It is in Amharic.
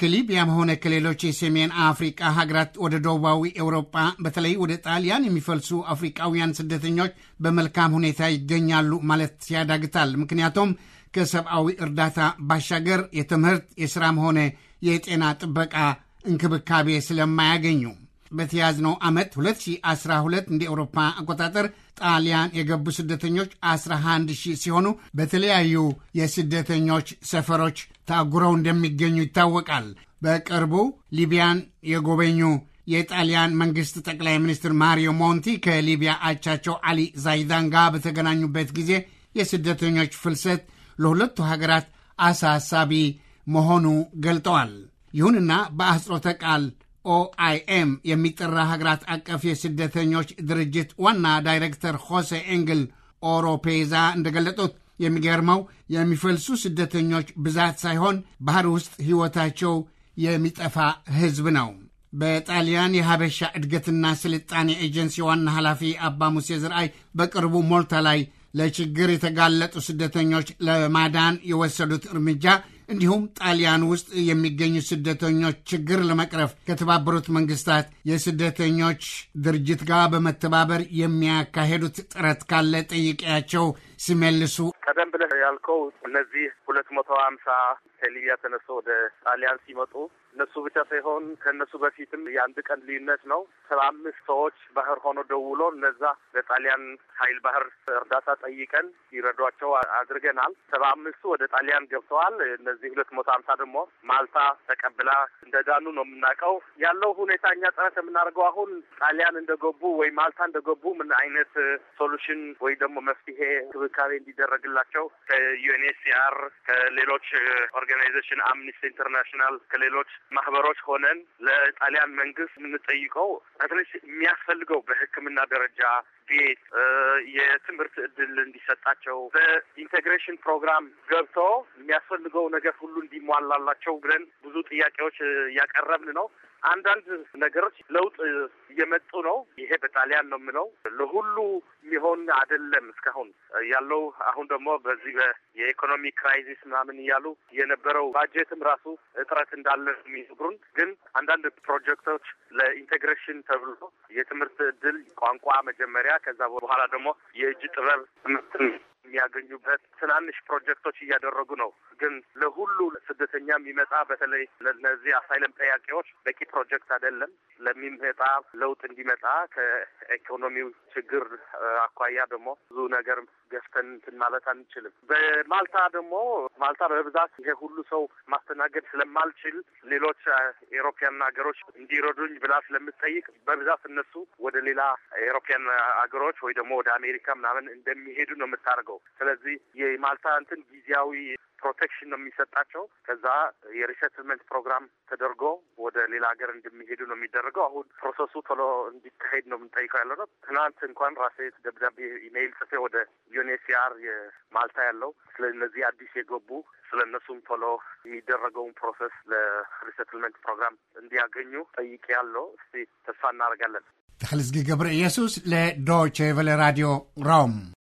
ከሊቢያም ሆነ ከሌሎች የሰሜን አፍሪቃ ሀገራት ወደ ደቡባዊ ኤውሮጳ በተለይ ወደ ጣሊያን የሚፈልሱ አፍሪቃውያን ስደተኞች በመልካም ሁኔታ ይገኛሉ ማለት ያዳግታል። ምክንያቱም ከሰብአዊ እርዳታ ባሻገር የትምህርት የሥራም ሆነ የጤና ጥበቃ እንክብካቤ ስለማያገኙ በተያዝነው ዓመት 2012 እንደ ኤውሮፓ አቆጣጠር ጣሊያን የገቡ ስደተኞች 11 ሺህ ሲሆኑ በተለያዩ የስደተኞች ሰፈሮች ታጉረው እንደሚገኙ ይታወቃል። በቅርቡ ሊቢያን የጎበኙ የጣሊያን መንግስት ጠቅላይ ሚኒስትር ማሪዮ ሞንቲ ከሊቢያ አቻቸው አሊ ዛይዳን ጋር በተገናኙበት ጊዜ የስደተኞች ፍልሰት ለሁለቱ ሀገራት አሳሳቢ መሆኑ ገልጠዋል። ይሁንና በአጽሮተ ቃል ኦአይኤም የሚጠራ ሀገራት አቀፍ የስደተኞች ድርጅት ዋና ዳይሬክተር ሆሴ ኤንግል ኦሮፔዛ እንደገለጡት የሚገርመው የሚፈልሱ ስደተኞች ብዛት ሳይሆን ባህር ውስጥ ሕይወታቸው የሚጠፋ ሕዝብ ነው። በጣሊያን የሀበሻ እድገትና ስልጣኔ ኤጀንሲ ዋና ኃላፊ አባ ሙሴ ዝርአይ በቅርቡ ሞልታ ላይ ለችግር የተጋለጡ ስደተኞች ለማዳን የወሰዱት እርምጃ እንዲሁም ጣሊያን ውስጥ የሚገኙ ስደተኞች ችግር ለመቅረፍ ከተባበሩት መንግስታት የስደተኞች ድርጅት ጋር በመተባበር የሚያካሄዱት ጥረት ካለ ጠይቄያቸው ሲመልሱ ቀደም ብለህ ያልከው እነዚህ ሁለት መቶ ሀምሳ ከሊቢያ ተነስቶ ወደ ጣሊያን ሲመጡ እነሱ ብቻ ሳይሆን ከእነሱ በፊትም የአንድ ቀን ልዩነት ነው። ሰባ አምስት ሰዎች ባህር ሆኖ ደውሎ እነዛ ለጣሊያን ኃይል ባህር እርዳታ ጠይቀን ይረዷቸው አድርገናል። ሰባ አምስቱ ወደ ጣሊያን ገብተዋል። እነዚህ ሁለት መቶ ሀምሳ ደግሞ ማልታ ተቀብላ እንደዳኑ ነው የምናውቀው። ያለው ሁኔታ እኛ ጥረት የምናደርገው አሁን ጣሊያን እንደገቡ ወይ ማልታ እንደገቡ ምን አይነት ሶሉሽን ወይ ደግሞ መፍትሄ እንክብካቤ እንዲደረግላቸው ከዩኤንኤችሲአር ከሌሎች ኦርጋናይዜሽን አምኒስቲ ኢንተርናሽናል ከሌሎች ማህበሮች ሆነን ለጣሊያን መንግስት የምንጠይቀው አትሊስት የሚያስፈልገው በህክምና ደረጃ ቤት፣ የትምህርት እድል እንዲሰጣቸው በኢንቴግሬሽን ፕሮግራም ገብቶ የሚያስፈልገው ነገር ሁሉ እንዲሟላላቸው ብለን ብዙ ጥያቄዎች እያቀረብን ነው። አንዳንድ ነገሮች ለውጥ እየመጡ ነው። ይሄ በጣሊያን ነው የምለው። ለሁሉ የሚሆን አይደለም እስካሁን ያለው። አሁን ደግሞ በዚህ የኢኮኖሚ ክራይሲስ ምናምን እያሉ የነበረው ባጀትም ራሱ እጥረት እንዳለ የሚነግሩን፣ ግን አንዳንድ ፕሮጀክቶች ለኢንቴግሬሽን ተብሎ የትምህርት እድል ቋንቋ መጀመሪያ ከዛ በኋላ ደግሞ የእጅ ጥበብ ትምህርትን የሚያገኙበት ትናንሽ ፕሮጀክቶች እያደረጉ ነው። ግን ለሁሉ ስደተኛ የሚመጣ በተለይ ለነዚህ አሳይለም ጠያቄዎች በቂ ፕሮጀክት አይደለም። ለሚመጣ ለውጥ እንዲመጣ ከኢኮኖሚው ችግር አኳያ ደግሞ ብዙ ነገር ገፍተን እንትን ማለት አንችልም። በማልታ ደግሞ ማልታ በብዛት ይሄ ሁሉ ሰው ማስተናገድ ስለማልችል ሌሎች ኤሮፒያን ሀገሮች እንዲረዱኝ ብላ ስለምትጠይቅ በብዛት እነሱ ወደ ሌላ ኤሮፒያን ሀገሮች ወይ ደግሞ ወደ አሜሪካ ምናምን እንደሚሄዱ ነው የምታደርገው። ስለዚህ የማልታ እንትን ጊዜያዊ ፕሮቴክሽን ነው የሚሰጣቸው። ከዛ የሪሰትልመንት ፕሮግራም ተደርጎ ወደ ሌላ ሀገር እንደሚሄዱ ነው የሚደረገው። አሁን ፕሮሰሱ ቶሎ እንዲካሄድ ነው የምንጠይቀው ያለ ነው። ትናንት እንኳን ራሴ ደብዳቤ ኢሜይል ጽፌ ወደ ዩኤንኤችሲአር የማልታ ያለው ስለ እነዚህ አዲስ የገቡ ስለ እነሱም ቶሎ የሚደረገውን ፕሮሰስ ለሪሰትልመንት ፕሮግራም እንዲያገኙ ጠይቄ ያለው። እስቲ ተስፋ እናደርጋለን። ተክልዝጊ ገብረ ኢየሱስ ለዶቼ ቬለ ራዲዮ ሮም